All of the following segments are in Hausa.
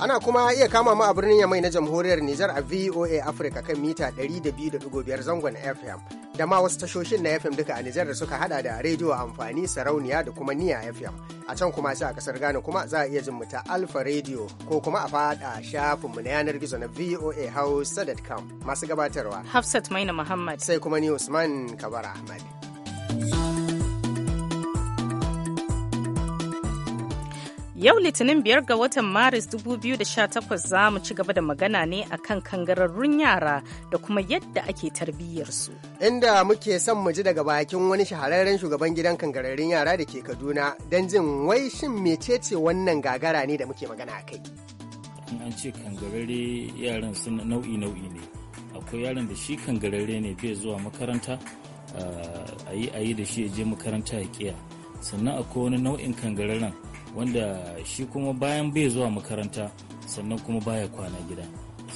Ana kuma iya kama mu a birnin Yamai na jamhuriyar Nijar a VOA Africa kan mita 200.5 zangon FM da ma wasu tashoshin na FM duka a Nijar da suka hada da rediyo amfani sarauniya da kuma niya FM. A can kuma sai a kasar Ghana kuma za a iya jin mu ta Alpha Radio ko kuma a fada mu na yanar gizo na voahausa.com masu gabatarwa. Hafsat Maina Muhammad. Sai kuma ni Usman Kabar Ahmad. Yau Litinin biyar ga watan Maris 2018 za mu ci gaba da magana ne a kan kangararrun yara da kuma yadda ake tarbiyyarsu. Inda muke son mu ji daga bakin wani shahararren shugaban gidan kangararrun yara da ke Kaduna don jin wai shin mecece wannan gagara ne da muke magana a kai. an ce kangararre yaran su nau'i nau'i ne. Akwai yaran da shi kangararre ne bai zuwa makaranta ah, a yi a yi da shi ya je makaranta ya kiya. Sannan akwai wani nau'in kangararren wanda shi kuma bayan bai zuwa makaranta sannan kuma baya kwana gida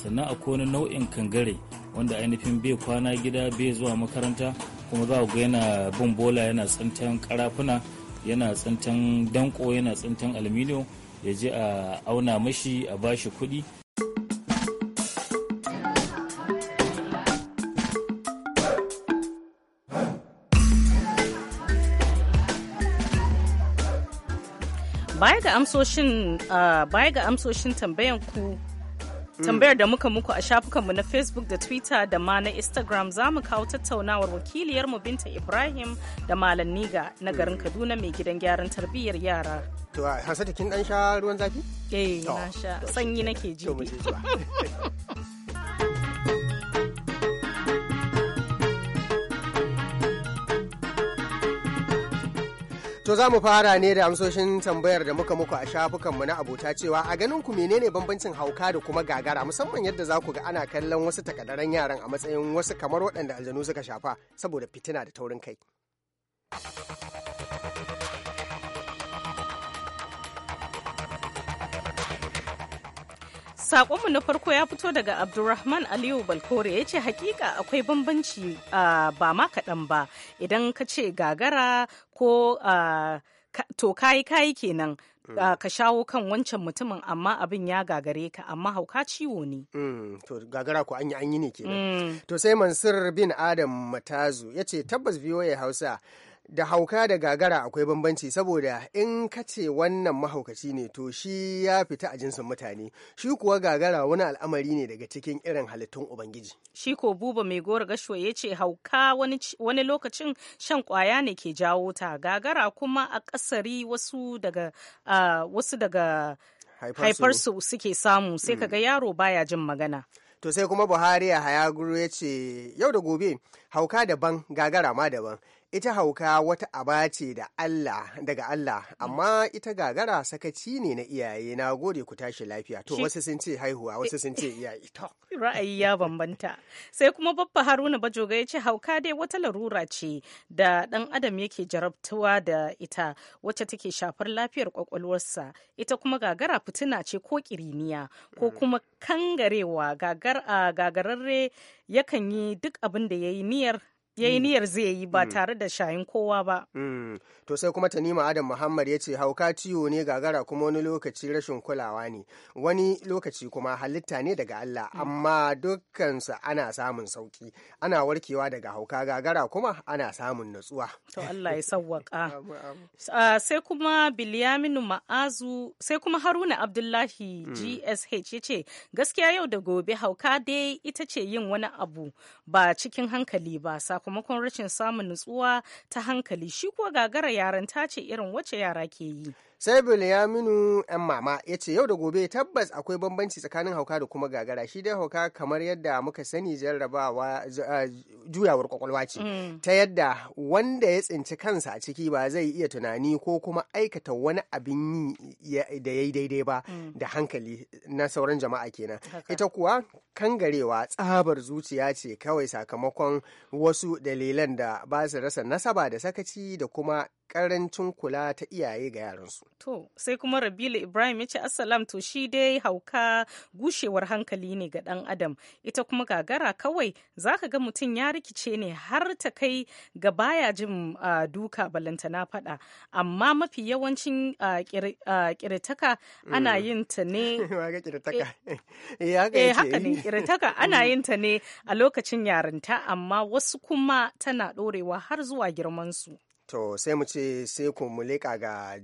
sannan akwai wani nau'in kangare wanda ainihin bai kwana gida bai zuwa makaranta kuma za ga yana bin bola yana tsintan karafuna yana tsintan danko yana tsintan aluminium ya je a auna mashi a bashi kuɗi baya ga amsoshin tambayan ku tambayar da muka muku a shafukanmu na facebook da twitter da ma na instagram za mu kawo tattaunawar wakiliyarmu binta ibrahim da malam niga na garin kaduna mai gidan gyaran tarbiyyar yara to kin dan sha ruwan zafi eh na sha sanyi nake ji To za mu fara ne da amsoshin tambayar da muka muku a shafukanmu na abota cewa a ganin ku menene bambancin hauka da kuma gagara musamman yadda za ku ga ana kallon wasu takadaran yaran a matsayin wasu kamar waɗanda aljanu suka shafa saboda fitina da taurin kai. Sakonmu na farko ya fito daga Abdulrahman Aliyu Balkore ya ce hakika akwai bambanci ba ma kaɗan ba idan ka ce gagara ko to kayi kayi kenan Uh, ka shawo kan wancan mutumin amma abin ya gagare ka amma hauka ciwo ne. Mm, to gagara ku an yi an yi ne kenan. Mm. To sai Mansur bin Adam Matazu ya ce tabbas VOA Hausa da hauka da gagara akwai bambanci saboda in ka ce wannan mahaukaci ne to shi ya fita a jinsin mutane shi kuwa gagara wani al'amari ne daga cikin irin halittun ubangiji shi ko buba mai gora gashuwa ya ce hauka wani, lokacin shan kwaya ne ke jawo ta gagara kuma a kasari wasu daga wasu daga haifarsu suke samu sai kaga mm. yaro baya jin magana to sai kuma buhari a hayaguru ya ce yau da gobe hauka daban gagara ma daban ita hauka wata aba ce da Allah daga Allah amma ita gagara sakaci ne na iyaye na gode ku tashi lafiya to wasu sun ce haihuwa wasu sun ce iyaye to ra'ayi ya bambanta sai kuma babba Haruna Bajoga ya ce hauka dai wata larura ce da dan adam yake jarabtuwa da ita wacce take shafar lafiyar kwakwalwarsa ita kuma gagara fituna ce ko kiriniya ko mm. kuma kangarewa gagar a gagararre yakan yi duk abin da yayi niyyar ya yi mm. niyyar zai yi ba mm. tare da shayin kowa ba. Mm. To sai kuma Tanima Adam Muhammad ya ce hauka ciwo ne gagara kuma wani lokaci rashin kulawa ne wani lokaci kuma halitta ne daga Allah amma dukkansa ana samun sauki ana warkewa daga hauka gagara kuma ana samun natsuwa. To Allah ya sawwaka. Ah, sai kuma Bilyaminu Ma'azu sai kuma Haruna Abdullahi GSH ya ce gaskiya yau da gobe hauka dai ita ce yin wani abu ba cikin hankali ba sakamakon rashin samun nutsuwa ta hankali shi kuwa gagara yaran ta ce irin wace yara ke yi sai bilyaminu yan mama ya ce yau da gobe tabbas akwai bambanci tsakanin hauka da kuma gagara shi dai hauka kamar yadda muka sani jarrabawa ah, juyawar kwakwalwa ce mm. ta yadda wanda ya tsinci kansa a ciki ba zai iya tunani ko kuma aikata wani abin yi da ya yi daidai ba mm. da hankali na sauran jama'a kenan ita kuwa kangarewa tsabar zuciya ce kawai sakamakon wasu dalilan da ba su rasa nasaba da sakaci da kuma karancin kula ta iyaye ga yaransu. To, sai kuma Rabilu Ibrahim ya ce Assalam to shi dai hauka gushewar hankali ne ga ɗan Adam. Ita kuma gagara kawai za ka ga mutum ya rikice ne har ta kai ga baya jin duka balanta na faɗa. Amma mafi yawancin ƙiritaka ana mm. yin ta ne. Eh, haka eh, ana yin ta ne a lokacin yarinta amma wasu kuma tana ɗorewa har zuwa girmansu. To sai mu ce sai ku mu leƙa ga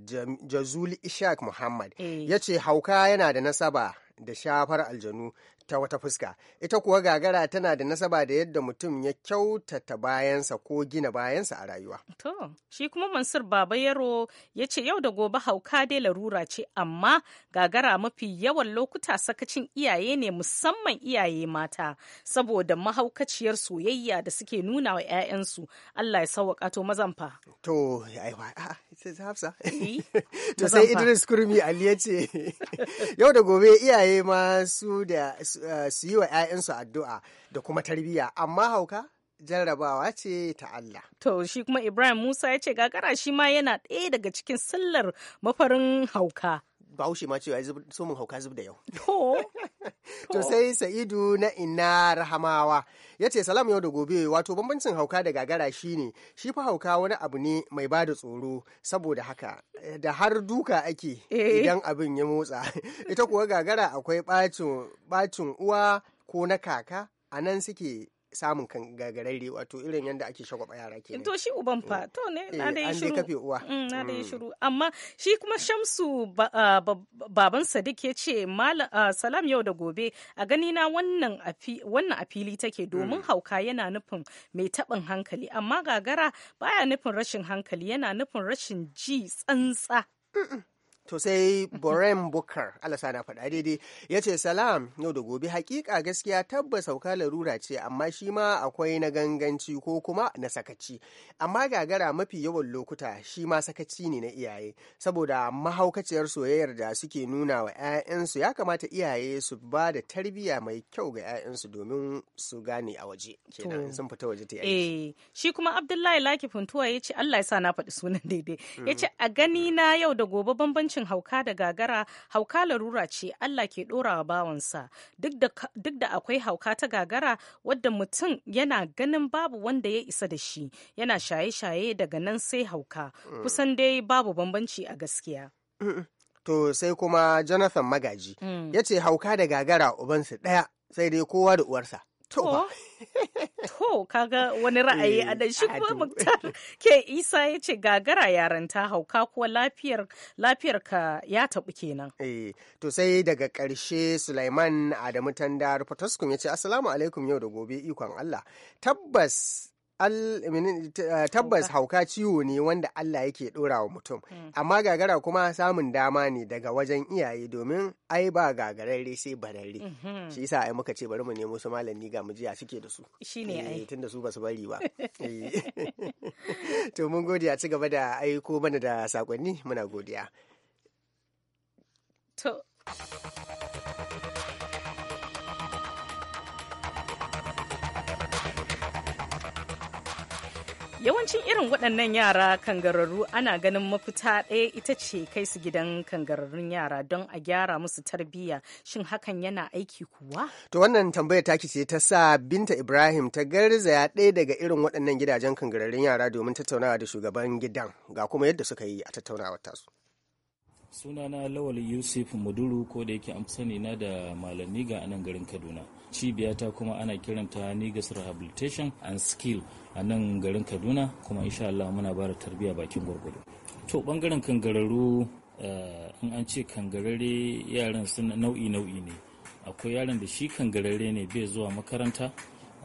Jazuli Ishaq Muhammad. Eh. Ya ce hauka yana da nasaba da shafar aljanu ta wata fuska ita kuwa gagara tana da nasaba da yadda mutum ya kyautata bayansa ko gina bayansa a rayuwa to shi kuma mansur baba yaro ya ce yau da gobe hauka dai larura ce amma gagara mafi yawan lokuta sakacin iyaye ne musamman iyaye mata saboda mahaukaciyar soyayya da suke nuna wa 'ya'yansu allah ya sauwaka to mazamfa to ah, hafsa eh, idris kurmi ali ya yau da gobe iyaye ma Eh, su yi wa 'ya'yansu addu'a da kuma tarbiyya amma hauka jarrabawa ce ta Allah. To shi kuma Ibrahim Musa ya ce gagara shi ma yana ɗaya daga cikin sallar mafarin hauka. bahaushe ma cewa mun hauka zub da yau to sai sa'idu na ina rahamawa ya ce salam yau da gobe wato bambancin hauka da gagara shine shi fa hauka wani abu ne mai ba da tsoro saboda haka da har duka ake eh. idan abin ya motsa ita kuwa gagara akwai bacin uwa ko na kaka a nan suke samun kan gagararre wato irin yadda ake shagwaba yara ke to shi uban fa mm. to ne na eh, da yi shiru kafe uwa mm, na da yi mm. shiru amma shi kuma shamsu baban sadiq ya ce salam yau da gobe a gani na wannan a fili take domin hauka yana nufin mai taɓin hankali amma gagara baya nufin rashin hankali yana nufin rashin ji tsantsa To sai Boren Bukar, allah sana faɗa daidai, ya ce salam yau da gobe hakika gaskiya tabbas sauka larura ce amma shi ma akwai na ganganci ko kuma na sakaci. Amma gagara mafi yawan lokuta shi ma sakaci ne na iyaye, saboda mahaukaciyar soyayyar da suke nuna wa 'ya'yansu ya kamata iyaye su ba da tarbiyya mai kyau ga 'ya'yansu domin su gane a waje. Kenan sun fita waje ta yi. Eh, shi kuma Abdullahi Laki Funtuwa ya ce Allah ya sa na faɗi sunan daidai. Ya mm. ce a gani na yau da gobe bambancin rashin hauka da gagara hauka larura ce Allah ke ɗorawa bawansa duk da akwai hauka ta gagara wadda mutum yana ganin babu wanda ya isa da shi yana shaye-shaye daga nan sai hauka mm. kusan dai babu bambanci a gaskiya. To sai kuma Jonathan Magaji mm. ya ce hauka da gagara ubansu ɗaya sai dai kowa da uwarsa. To, to kaga wani ra'ayi a ɗan eh, shi kuma Muktar ke Isa ya ce gagara yaranta hauka kuwa lafiyar lafiyar ka ya tabu kenan. Eh, to sai daga ƙarshe Sulaiman Adamu Tandar Fataskum ya ce Assalamu alaikum yau da gobe ikon Allah. Tabbas Ah, tabbas hauka ciwo ne wanda Allah yake ɗora wa mutum hmm. amma gagara kuma samun dama ne daga wajen iyaye domin ai ba gagararre sai bararre mhm. shi yasa ai muka ce bari mu nemo su malami ga mu jiya suke da su shine ai eh, da su basu bari ba eh. to mun godiya ci gaba da aiko mana da sakonni muna godiya Yawancin irin waɗannan yara kangararru ana ganin mafita ɗaya ita ce kai su gidan kangararrun yara don a gyara musu tarbiyya shin hakan yana aiki kuwa? To wannan tambayar taki ce ta sa Binta Ibrahim ta garzaya ɗaya daga irin waɗannan gidajen kangararrun yara domin tattaunawa da shugaban gidan ga kuma yadda suka yi a tattaunawar tasu. Sunana Lawal Yusuf Muduru ko da yake an sani na da malami ga anan garin Kaduna. cibiyata kuma ana kiranta Nigas Rehabilitation and Skill a nan garin Kaduna kuma insha Allah muna bada tarbiyya bakin gwargwado. To bangaren kangararru eh, in an ce kangarare yaran sun nau'i nau'i ne akwai yaran da shi kangarare ne bai zuwa makaranta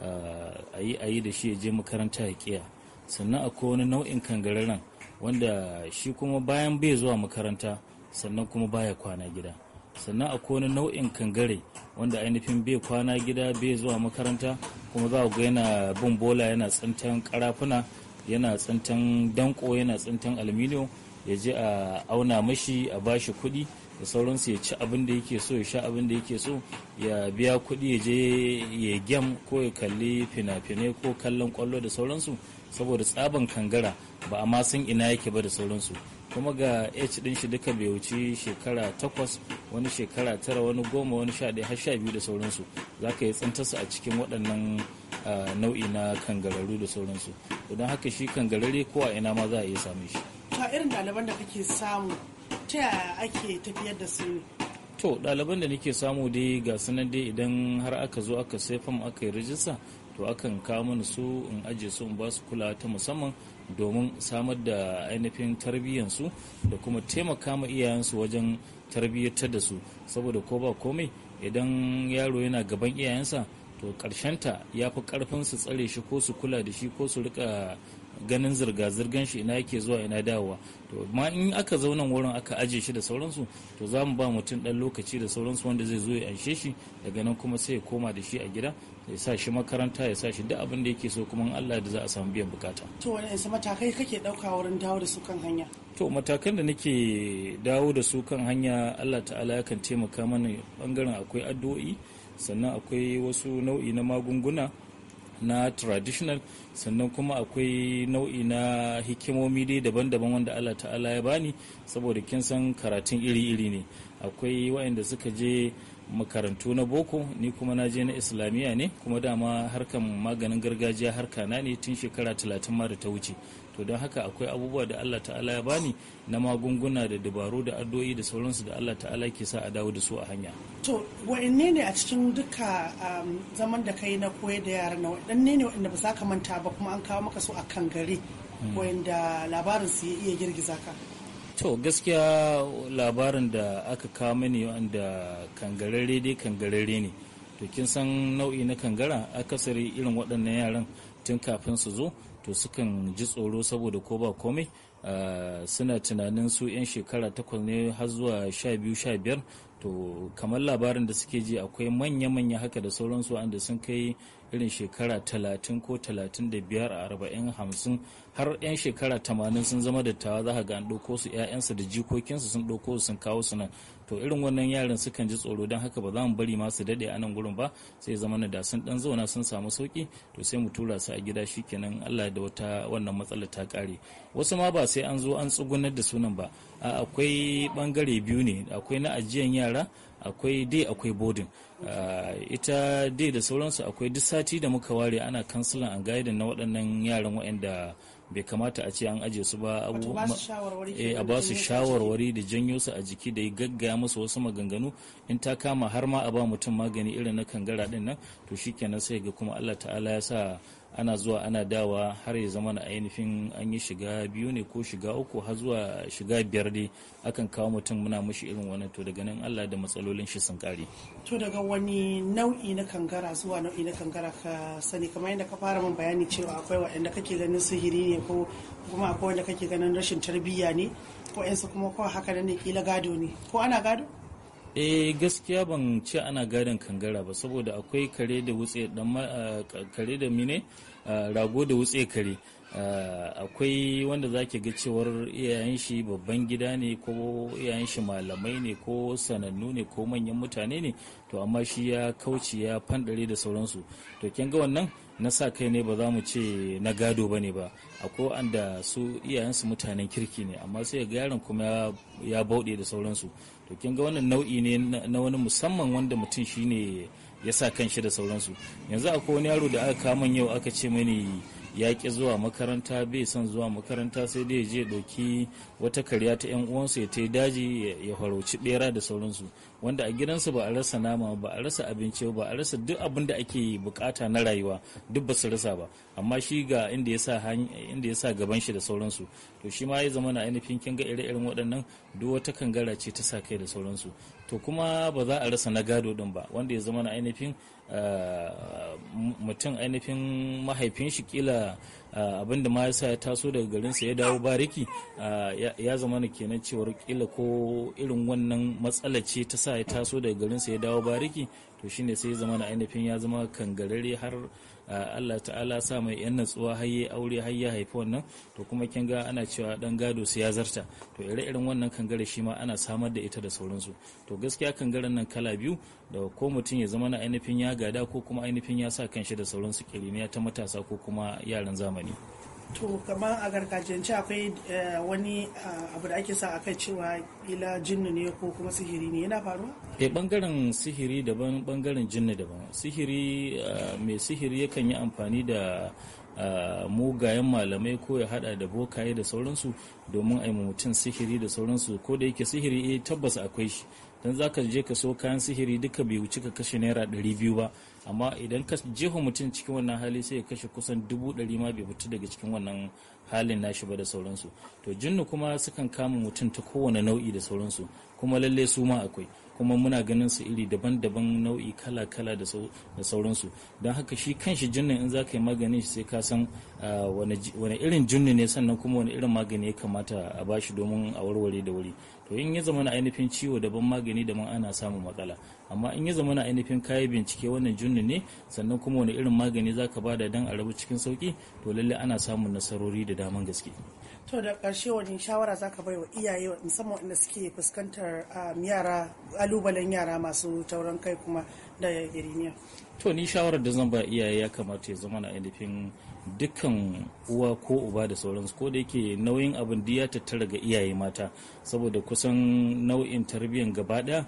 eh, a yi a yi da shi ya je makaranta ya kiya sannan akwai wani nau'in kangararen wanda shi kuma bayan bai zuwa makaranta sannan kuma baya kwana gida sannan a wani nau'in kangare wanda ainihin bai kwana gida bai zuwa makaranta kuma za a ga yana bin bola yana tsintan karafuna yana tsintan danko yana tsintan aluminium ya je a auna mashi a bashi kuɗi da sauransu ya ci abin da yake so ya sha abin da yake so ya biya kuɗi ya je ya gem ko ya kalli fina-finai ko kallon kwallo da sauransu saboda tsaban kangara ba a ma san ina yake ba da sauransu kuma ga h din shi duka bai wuci shekara takwas wani shekara tara wani goma wani sha ɗaya har sha biyu da sauransu za ka yi tsintarsu a cikin waɗannan nau'i na kangararru da sauransu idan haka shi kangarare ko a ina ma za a iya same shi ta irin ɗaliban da kake samu ta yaya ake tafiyar da su to ɗaliban da nake samu dai ga sunan dai idan har aka zo aka sai fam aka yi rijista to akan kawo mana su in aje su in ba su kula ta musamman domin samar da ainihin tarbiyyansu da kuma taimaka ma iyayensu wajen tarbiyyatar da su saboda ko ba komai idan yaro yana gaban iyayensa to ta ya fi karfin su tsare shi ko su kula da shi ko su rika ganin zirga-zirgan shi ina yake zuwa ina dawowa to ma in aka zaunan wurin aka aje shi da sauransu to za mu ba mutum dan lokaci da sauransu wanda zai zo ya anshe shi daga nan kuma sai ya koma da shi a gida ya sa shi makaranta ya sa shi duk abin da yake so kuma Allah da za a samu biyan bukata to wani yanzu matakai kake dauka wurin dawo da su kan hanya to matakan da nake dawo da su kan hanya Allah ta'ala yakan taimaka mana bangaren akwai addu'o'i sannan akwai wasu nau'i na magunguna na traditional sannan kuma akwai nau'i na hikimomi dai daban-daban wanda allah ta'ala ya bani saboda kin san karatun iri-iri ne akwai waɗanda suka je makarantu na boko ni kuma na je na islamiyya ne kuma dama harkan maganin gargajiya harka na ne tun shekara talatin ma da ta wuce to don haka akwai abubuwa da Allah ta'ala ya bani na magunguna da dabaru da addu'o'i da sauransu da Allah ta'ala ke sa a dawo da su a hanya to wa'anne ne a cikin duka um, zaman da kai na koyar da yara na waɗanne ne waɗanda ba za ka manta ba kuma an kawo maka su a kan gari hmm. wa'anda labarin su ya iya girgiza ka to gaskiya labarin da aka kawo mani wa'anda kangararre dai kangararre ne to kin san nau'i na kangara akasari irin waɗannan yaran tun kafin su zo to sukan ji tsoro saboda ko ba komai suna tunanin su 'yan shekara takwas ne har zuwa sha biyu sha biyar to kamar labarin da suke ji akwai manya-manya haka da sauransu wanda sun kai irin shekara talatin ko talatin da biyar a arba'in hamsin har 'yan shekara tamanin sun zama dattawa za ga an ɗauko su 'ya'yansu da jikokinsu sun ɗauko sun kawo su nan to irin wannan yaran sukan ji tsoro don haka ba za mu bari masu su dade a nan gurin ba sai zama da sun dan zauna sun samu sauki to sai mu tura su a gida shi shikenan Allah da wata wannan matsalar ta kare wasu ma ba sai an zo an tsugunar da sunan ba akwai bangare biyu ne akwai na ajiyan yara akwai dai akwai bodin ita dai da sauransu akwai duk sati da muka ware ana kansulan an gaidan na waɗannan yaran waɗanda bai kamata a ce an aje su ba a ba su eh, shawarwari da janyo su a jiki da ya gaggaya musu wasu maganganu in ta kama har ma a ba mutum magani irin na kangara din nan to shikenan sai ga kuma Allah ta'ala ya sa ana zuwa ana dawa har ya zama na ainihin an yi shiga biyu ne ko shiga uku har zuwa shiga biyar ne akan kawo mutum muna mushi irin wannan to daga nan Allah da matsalolin shi sun kare to daga wani nau'i na kangara zuwa nau'i na kangara ka sani kamar yadda ka fara min bayani cewa akwai waɗanda kake ganin sihiri ne ko kuma akwai wanda kake ganin rashin tarbiyya ne ko yansu kuma ko haka ne kila gado ne ko ana gado eh gaskiya ban ce ana gadon kangara ba saboda akwai kare da wutse dan kare da mine rago da wutse kare akwai wanda zake ga cewar iyayen shi babban gida ne ko iyayen shi malamai ne ko sanannu ne ko manyan mutane ne to amma shi ya kauce ya fandare da sauransu to kin ga wannan na sa kai ne ba za mu ce na gado ba ne ba akwai anda su iyayensu mutanen kirki ne amma sai ga yaron kuma ya bauɗe da sauransu to kin ga wannan nau'i ne na wani musamman wanda mutum shine ya sa kanshi da sauransu yanzu akwai wani yaro da aka kama yau aka ce mani ya ki zuwa makaranta bai son zuwa makaranta sai dai je ɗauki wata karya ta 'yan uwansu ya tai daji ya faroci bera da sauransu wanda a gidansu ba a rasa nama ba a rasa abinci ba a rasa duk abin da ake bukata na rayuwa duk ba su rasa ba amma shi ga inda ya sa inda ya sa gaban shi da sauransu to shi ma ya zama na ainihin kin ga ire-iren waɗannan duk wata kangara ce ta sa kai da sauransu to kuma ba za a rasa na gado din ba wanda ya zama na ainihin eh, mutum ainihin mahaifin shi kila eh, abin ma ya ya taso daga garinsa ya dawo bariki eh, ya zama na kenan cewar kila ko irin wannan matsala ce ta sa ya taso daga garinsa ya dawo bariki to shine sai ya zama na ainihin ya zama kangarare har Allah ta'ala sa mai yan natsuwa har aure har ya haifi wannan to kuma kin ga ana cewa dan gado su ya zarta to ire irin wannan kangare shi ma ana samar da ita da sauransu to gaskiya kangaren nan kala biyu da ko mutum ya zama na ainihin ya gada ko kuma ainihin ya sa kanshi da sauransu kirimiya ta matasa ko kuma yaran zamani to kamar a gargajiyance akwai eh, wani eh, abu da ake sa a kai cewa ila jinnu ne ko kuma sihiri ne yana faruwa? eh bangaren sihiri daban bangaren jinnu daban sihiri eh, mai sihiri yakan yi amfani da mugayen malamai ko ya hada da bokaye da sauransu domin a mutum sihiri da sauransu ko da yake sihiri eh tabbas akwai shi don zaka je ka so kayan sihiri duka bai wuce ka kashe naira 200 ba amma idan ka jefa mutum cikin wannan hali sai ya kashe kusan dubu ɗari ma bai fita daga cikin wannan halin nashi ba da sauransu to jinnu kuma sukan kama mutum ta kowane nau'i da sauransu kuma lalle su ma akwai kuma muna ganin su iri daban-daban nau'i kala-kala da sauransu don haka shi kanshi jinnin in za ka yi maganin shi sai ka san ah, wani irin jinni ne sannan kuma wani irin magani ya kamata a bashi domin a warware da wuri to in ya zama na ainihin ciwo daban magani daban ana samun matsala amma in ya zama na ainihin kayi bincike wannan jinni ne sannan kuma wani irin magani za ka bada don a rabu cikin sauki to lallai ana samun nasarori da daman gaske to da karshe wani shawara zaka bai wa iyaye musamman inda suke fuskantar um, yara alubalen yara masu tauran kai kuma da giriniya to ni shawarar da zan ba iyaye ya kamata ya zama na ainihin dukkan uwa ko uba da sauransu ko da yake nauyin abin da ya tattara ga iyaye mata saboda kusan nau'in tarbiyyar gaba daya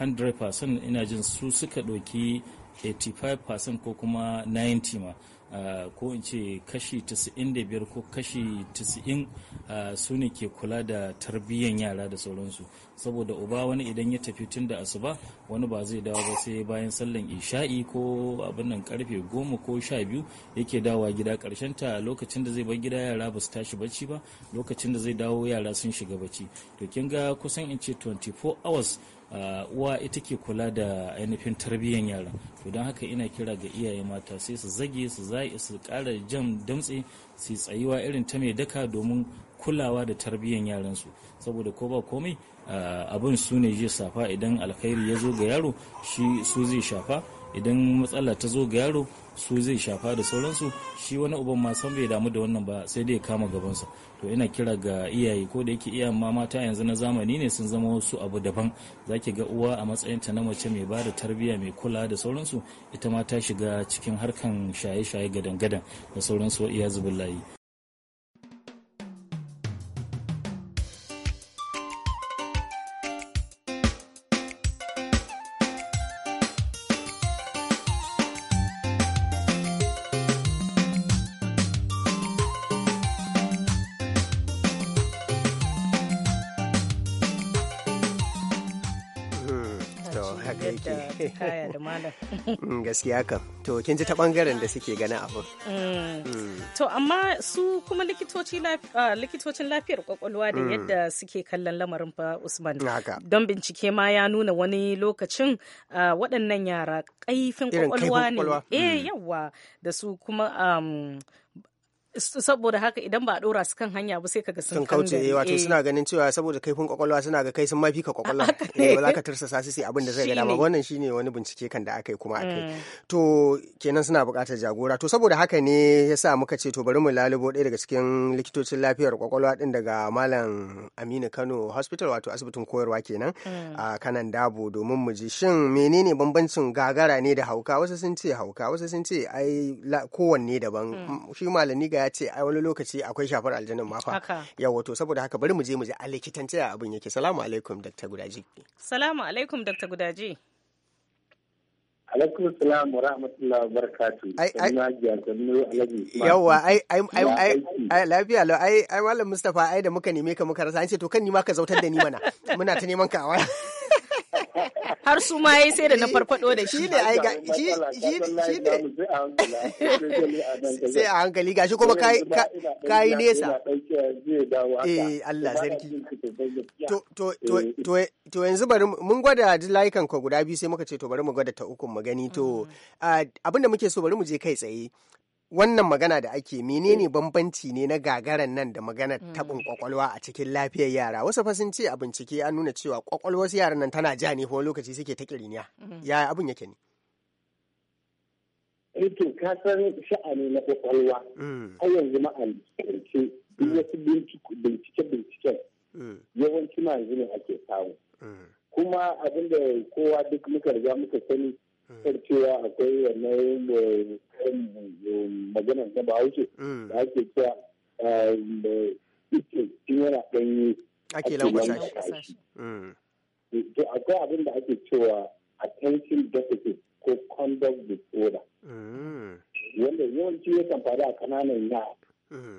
100% uh, ina jin su suka ɗauki 85% ko kuma 90 ma Eh, ko in ce kashi 95 ko kashi 90 eh, su ne ke kula da tarbiyyan yara da sauransu saboda uba wani idan ya tafi tun da asuba wani ba zai dawo ba sai bayan sallan isha'i ko abin nan karfe goma ko sha biyu yake dawowa gida karshen ta lokacin da zai bar gida yara ba su tashi bacci ba lokacin da zai dawo yara sun shiga bacci to kin ga kusan in ce 24 hours Uh, uwa ita ke kula da ainihin tarbiyyar yaran, to don haka ina kira ga iyaye mata sai su zage su zai su kara jan damtse su tsayuwa irin ta mai daka domin kulawa da tarbiyyar yaransu saboda ko ba komai uh, abin su ne zai safa idan alkhairi ya zo ga yaro shi su zai shafa idan matsala ta zo ga yaro su zai shafa da sauransu shi wani uban ma san bai damu da wannan ba sai dai ya kama gabansa to ina kira ga iyaye ko da yake iyayen ma mata yanzu na zamani ne sun zama wasu abu daban zaki ga uwa a matsayinta na mace mai bada da tarbiyya mai kula da sauransu ita ma ta shiga cikin harkan shaye-shaye gadan-gadan da sauransu wa iya layi Mm, gaskiya kam to kin ji ta bangaren da suke gani abu mm. mm. to amma su kuma likitocin lafiyar kwakwalwa da yadda suke kallon lamarin fa Usman don bincike ma ya nuna wani lokacin waɗannan yara kaifin kwakwalwa ne eh yawa da su kuma saboda haka idan ba a dora su kan hanya ba sai kaga sun kauce eh wato suna eh. ganin cewa saboda kaifin kwakwalwa suna ga kai sun mafi ka kwakwalwa ne eh, ba za ka tarsa sasi sai abin da zai ga dama wannan shine wani bincike kan da aka yi kuma akai mm. to kenan suna buƙatar jagora to saboda haka ne yasa muka ce to bari mu lalubo ɗaya daga cikin likitocin lafiyar kwakwalwa din daga malam Aminu Kano Hospital wato asibitin koyarwa kenan mm. a kanan dabo domin mu ji shin menene bambancin gagara ne da hauka wasu sun ce hauka wasu sun ce ai kowanne daban mm. shi malami ya ce ai wani lokaci akwai shafar aljanin ma fa ya wato saboda haka bari mu je mu ji a likitan ya abin yake salamu alaikum dr gudaji salamu alaikum dr gudaji alaikum salam wa rahmatullahi wa barakatu ai ai ai ai ai lafiya lo ai ai malam mustafa ai da muka neme ka muka rasa an ce to kan ni ma ka zautar da ni mana muna ta neman ka a har su ma yayi sai da na farfado da shi ne ai shi shi ne sai a hankali gashi kuma kai kai nesa eh Allah sarki to to eh. to to yanzu bari mun gwada layukan ka guda biyu sai muka ce to bari mu gwada ta ukun mu gani to mm. ah, abinda muke so bari mu je kai tsaye wannan magana da ake menene eh. bambanci ne na gagaran nan da maganar hmm. taɓin kwakwalwa a cikin lafiyar yara wasu fa sun ce a bincike an nuna cewa kwakwalwar yaran nan tana ja ne ko lokaci suke ta kiriniya hmm. ya abin yake ne Rikin eh ka sha'ani na kwakwalwa hmm. a yanzu ma wasu bincike-binciken yawanci ma ake samu kuma abinda kowa duk muka riga muka sani a cewa akwai wannan maganar na bahaushe mm. da ake cewa ice ah, yana ɗanyi a lankwasa shi mm. to akwai abin da ake cewa attention deficit ko conduct disorder mm. wanda yawanci yakan faru a kananan yara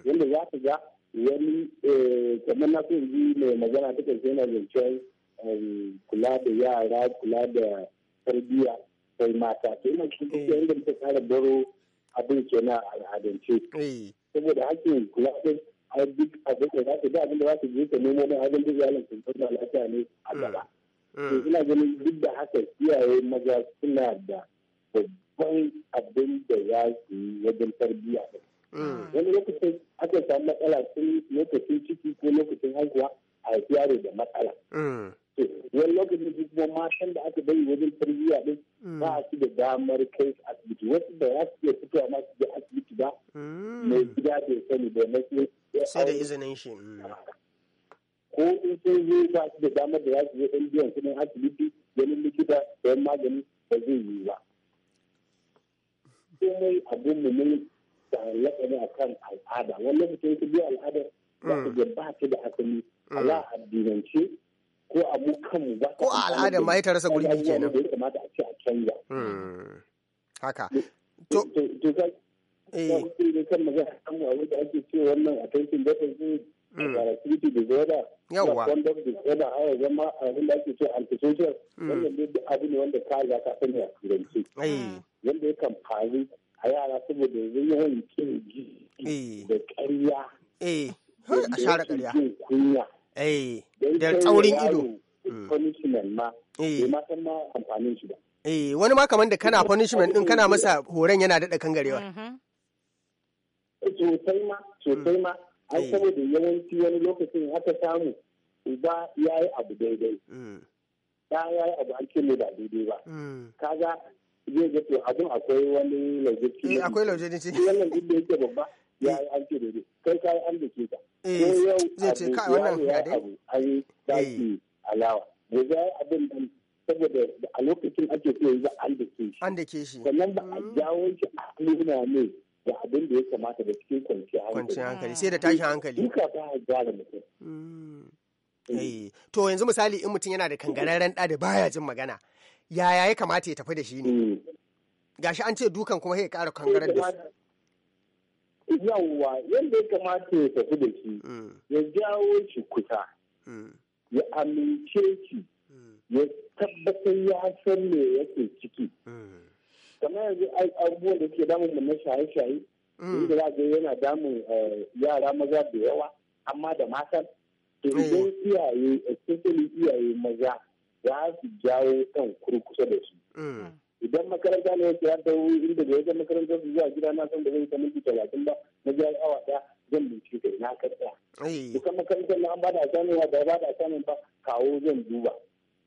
wanda za ka ga wani eh, kamar na so ji mai magana ta kan yana zancen um, kula da yara kula da tarbiyya sai mata kenan cikin eh. yadda ta fara baro abin ke na al'adance eh. saboda hakkin kula da duk abin da za ta da abin da za ta je ta nemo na abin da iyalin sun san lafiya ne a mm. gaba mm. to ina ganin duk da haka iyaye maza suna da babban abin da ya yi wajen tarbiyya mm. wani lokacin aka samu matsala tun lokacin ciki ko lokacin haihuwa a yaro da matsala wani lokacin kuma matan da aka bari wajen tarbiyya din mm. ba su da damar kai su asibiti wasu da ya su iya fitowa ma su je asibiti ba mm. mai gida bai sani da na su sai da izinin shi mm. ko in sun zo ba su da damar da ya su je ɗan biyan kuɗin asibiti ganin likita da magani ba zai yi ba komai abin mu ne da lakani a kan al'ada wani lokacin su biya al'ada za su ga ba su da asali a za a addinance ko a mu ba ko a al'ada ma ita rasa gurbi kenan da kamata a ce a canza hmm, haka to to eh kan kan ake ce wannan attention deficit productivity hmm. disorder yawa conduct a zama abin da ake ce antisocial hmm. wannan ne abu ne wanda ka ga ka sani a turanci wanda eh. ya kan a yara saboda yawan kin eh. da ƙarya eh. a ƙarya Eh, da tsaurin ido mm. eh. eh wani ma kamar da kana punishment din kana masa horon yana daɗa kangarewa mm-hmm. eh, sosai ma sosai ma ai mm. saboda yawanci wani lokacin haka samu uba ya yi abu daidai mm. ya yi abu an kille ba daidai ba kaga zai ga to abin akwai wani lauje akwai lauje ne ce wannan duk da yake babba ya yi an ce daidai kai ka yi an da ke ka eh, ko yau abu ya abu yi eh. alawa za abin saboda a lokacin ake yanzu an da ke shi an da ke shi sannan ba a hmm. jawo shi a nuna ne da abin da ya kamata da cikin kwanciyar hankali ah. sai da tashin hankali duka ba a gyara mutum hmm. eh, to yanzu misali in mutum yana da kangararren da da baya jin magana yaya ya kamata ya tafi da shi ne hmm. gashi an ce dukan kuma sai ya ƙara kangarar da yawwa yadda ya kamata ya tafi da shi mm. ya jawo shi kusa mm. ya amince shi mm. ya tabbatar ya san me yake ciki kamar yanzu abubuwan da ke damun na shaye-shaye inda za ga yana damun eh, yara maza da yawa amma da matan to idan iyaye especially iyaye maza za su jawo kan kurkusa da su idan makaranta ne ya ya dawo inda da wajen makarantar su zuwa gida na san da zai ta minti wasan ba na ji awa ɗaya zan bincike kai na ka tsaya. Dukan makarantar na an ba da asanin ba ba da asanin ba kawo zan duba.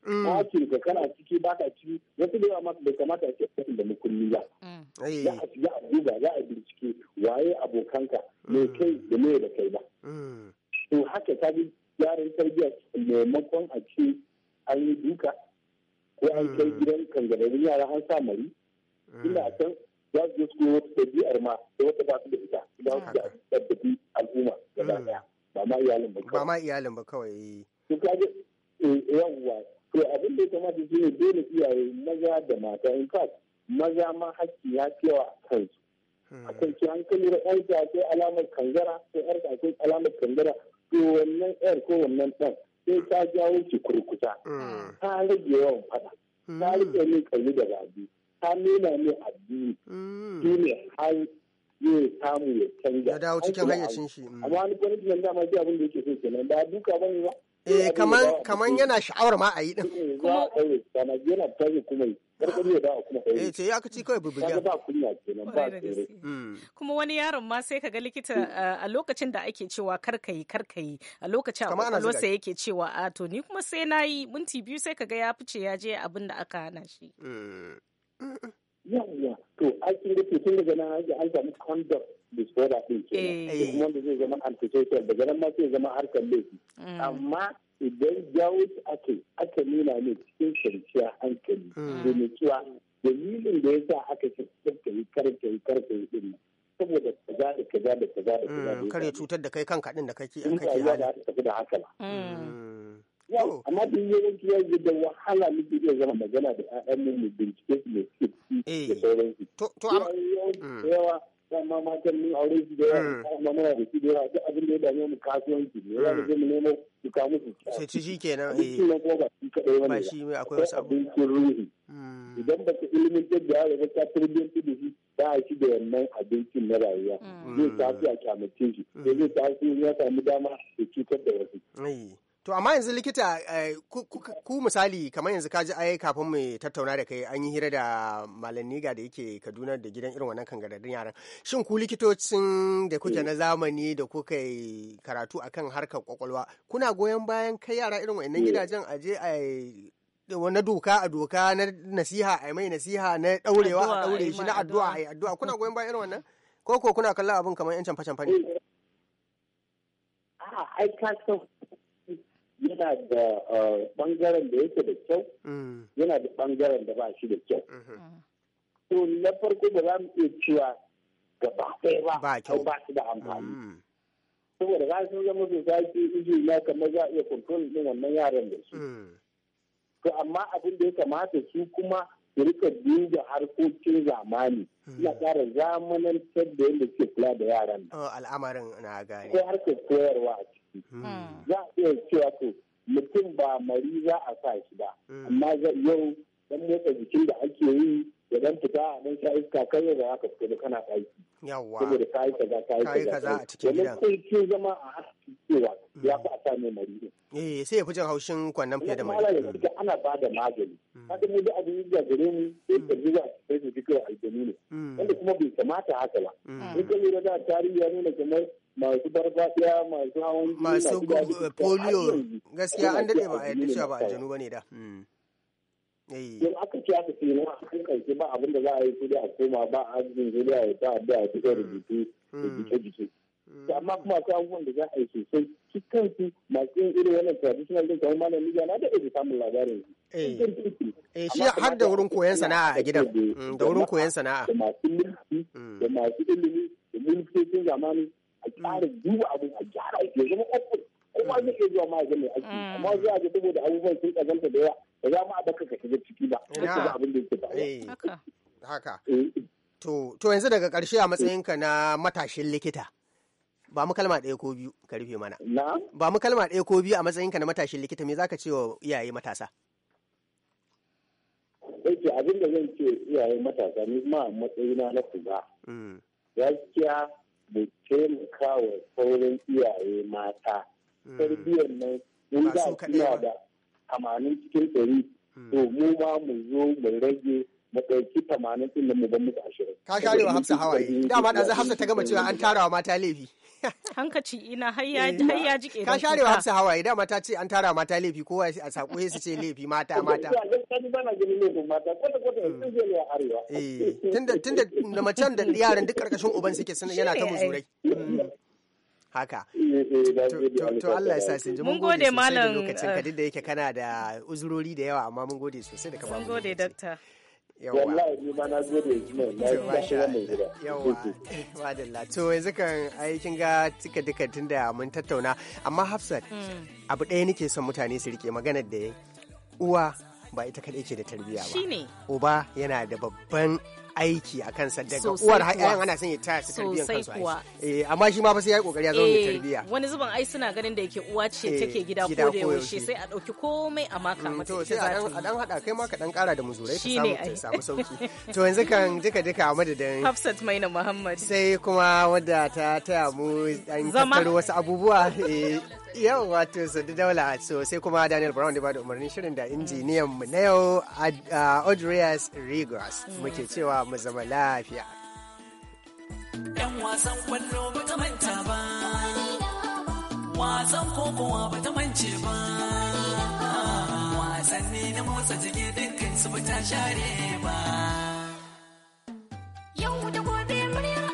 ba mm. a ce ka kana ciki ba ka ciki wasu da yawa bai kamata a ce kasin da mukulli ba. Mm. Za a a duba za a bincike waye abokanka mm. me kai da me da kai ba. To haka ta bi yaran tarbiyyar maimakon a ce an yi duka ko an kai eh. gidan kangararrun yara an sa mari eh. ina a can za su su koyi wata ɗabi'ar ma da wata ba su da ita idan su da ɗabbabi al'umma gaba eh. ɗaya ba ma iyalin ba kawai. Ba ma iyalin ba kawai. To ka ji yawwa to abin da ya kamata shi ne dole iyaye maza da mata in fact maza ma hakki ya cewa a kansu. Hmm. A kan ce an kalli da ɗansa akwai alamar kangara ko ƴarsa akwai alamar kangara to wannan ƴar ko wannan ɗan sai ta jawo ki kurkusa mm. ta rage yawan fada ta mm. rage ne kalli da rabi ta nuna ne addini mm. shi ne har zai samu ya canza. ya dawo cikin hayyacin shi amma wani gwamnati nan dama ji abin da yake so kenan ba duka ne ba eh kaman kaman yana sha'awar ma a yi din yana kuma da kuma kai eh ce ya kaci bubuga ba kunya kenan ba hmm. kuma wani yaron ma sai kaga likita hmm. a lokacin da ake cewa karkayi karkayi a lokacin a kwakwalwarsa yake cewa a to ni kuma sai na yi minti biyu sai kaga ya fice ya je abin da aka hana shi hmm. yawwa to aikin da ke tun daga na an samu conduct disorder din ke eh. kuma wanda zai zama antisocial da ganin ma zai zama harkar laifi mm. amma idan jawo ake aka nuna ne cikin kwanciyar hankali mm. domin cewa dalilin da ya sa aka ce karka yi karka yi karka yi din nan saboda kaza da kaza da kaza da kaza mm, kar ya cutar da kai kanka din da kake in kake hali da tafi da haka ba oh. amma din yawanci ya yi da wahala muke iya zama magana da ƴaƴan mu bincike su ne eh. da sauransu to to yawa dama matan mun aure su da yawa kuma hmm. muna da su da yawa duk abin da ya dame mu kasuwanci ne yana zai mu hmm. nemo su ka musu sai ci shi kenan eh shi ko ba shi kadai bane ba shi mai akwai wasu abincin ruhi hmm. idan ba ka ilimin da ya ga ta turbin da shi ba shi da wannan abincin na rayuwa zai tafi a kyamace shi zai tafi ya samu dama da cutar da wasu To amma yanzu likita eh, ku misali kamar yanzu kaji ai kafin mu tattauna da kai an yi hira da malam Niga da yake Kaduna da gidan irin wannan kangararrun yaran. Shin ku likitocin da kuke na eh. zamani da kuka yi karatu akan harkar kwakwalwa kuna goyon bayan kai yara irin wannan eh. gidajen aje a na doka a doka na nasiha a mai nasiha na daurewa a daure shi na addu'a a addu'a kuna goyon bayan irin wannan ko ko kuna kallon abin kamar yan canfa canfa ne a'a ah, ai yana da bangaren eh, da yake da kyau mm. yana da bangaren da ba shi da kyau mm-hmm. to na farko ba za mu iya cewa gaba ɗaya ba kyau ba su da amfani mm. saboda ka sun zama su sake iji na kamar za a iya control din wannan yaran da su mm. to amma abin da ya kamata su kuma su rika duba harkokin zamani suna ƙara zamanantar da yadda suke kula da yaran oh, al'amarin na gani ko harkar koyarwa a ciki za a iya cewa to mutum ba mari za a sa shi ba hmm. amma yau dan motsa jikin da ake yi idan fita a nan sha iska kai yau da ka fito kana aiki yawa saboda kai kaza kai kaza a cikin gida wannan kun zama a asibiti cewa mm. ya fa a samu mari eh sai ya fi jin haushin kwannan fiye da mari kuma mm. ana ba da magani haka mm. mu da abin da gare mu sai ka ji za sai ka ji kai aljanu ne wanda kuma bai kamata haka ba in ka lura da tarihi ya nuna kamar masu farfadiya masu hawan masu polio gaskiya an dade ba a yadda shi ba aljanu bane da Eh. in aka ce aka ce na kan kanki ba abin za a yi sai a koma ba a mm. da ta a jike-jike amma kuma akwai abubuwan da za a yi sosai kansu masu yin irin wannan traditional din kamar na da samun labarin eh. eh shi har da wurin koyon sana'a a gidan da mm, wurin koyon sana'a da masu mulki kuma zai iya zuwa ma gani mai aiki mm. amma zuwa ga saboda abubuwan sun kazanta da yawa ba za mu a baka ka shiga ciki ba ba abin da yake ba eh, haka haka eh. to to yanzu daga karshe a matsayinka na matashin likita ba mu kalma ɗaya ko biyu ka rufe mana ba mu kalma ɗaya ko biyu a matsayinka na matashin likita me zaka ce wa iyaye matasa yake eh, abin da zan ce iyaye matasa ni ma matsayina na kuga mm. gaskiya mu taimaka wa sauran iyaye mata tarbiyyar mm. nan in za a suna da tamanin cikin ɗari mm. to mu ma mu zo mu rage mu ɗauki tamanin ɗin mu ban musu ashirin. Ka share wa Hafsa hawaye. Dama ɗazu Hafsa ta gama cewa an tara wa mata laifi. Hankaci ina har ya jike. Ka share wa Hafsa hawaye dama ta ce an tara mata laifi kowa a sako su ce laifi mata mata. Mm. Eh, tunda da macen da yaran duk karkashin uban suke yana ta muzurai. Eh. haka eh, eh, to Allah ya sasin sinji mun gode malam lokacin ka eh. da yake kana da uzurori da yawa amma mun gode sosai da ka ba gode dakta yawa yawa to yanzu kan aikin ga tika duka da mun tattauna amma Hafsat hmm. abu ɗaya nake son mutane su rike maganar da uwa ba ita kaɗai ce da tarbiyya ba shine uba yana da babban aiki a kansa daga uwar ayan ana son ya taya su tarbiyyar kansu aiki eh amma shi ma fa sai ya kokari ya zama mai eh, tarbiyya wani zuban ai suna ganin da yake uwa ce eh, take gida ko da yaushe sai a dauki komai a maka mm, mata to sai a dan hada kai ma ka dan kara da muzurai ka samu ta samu sauki to yanzu kan duka duka a madadin Hafsat Maina Muhammad sai kuma wadda ta taya mu dan tattaro wasu abubuwa eh yau wato sadu daula sosai kuma daniel brown da bada umarnin shirin da injiniyan mu na yau audreyas rigos muke cewa mu zama lafiya yan wasan kwallo ba ta manta ba wasan kokowa ba ta mance ba wasanni na motsa jiki dukkan su ba ta share ba yau da gobe muryar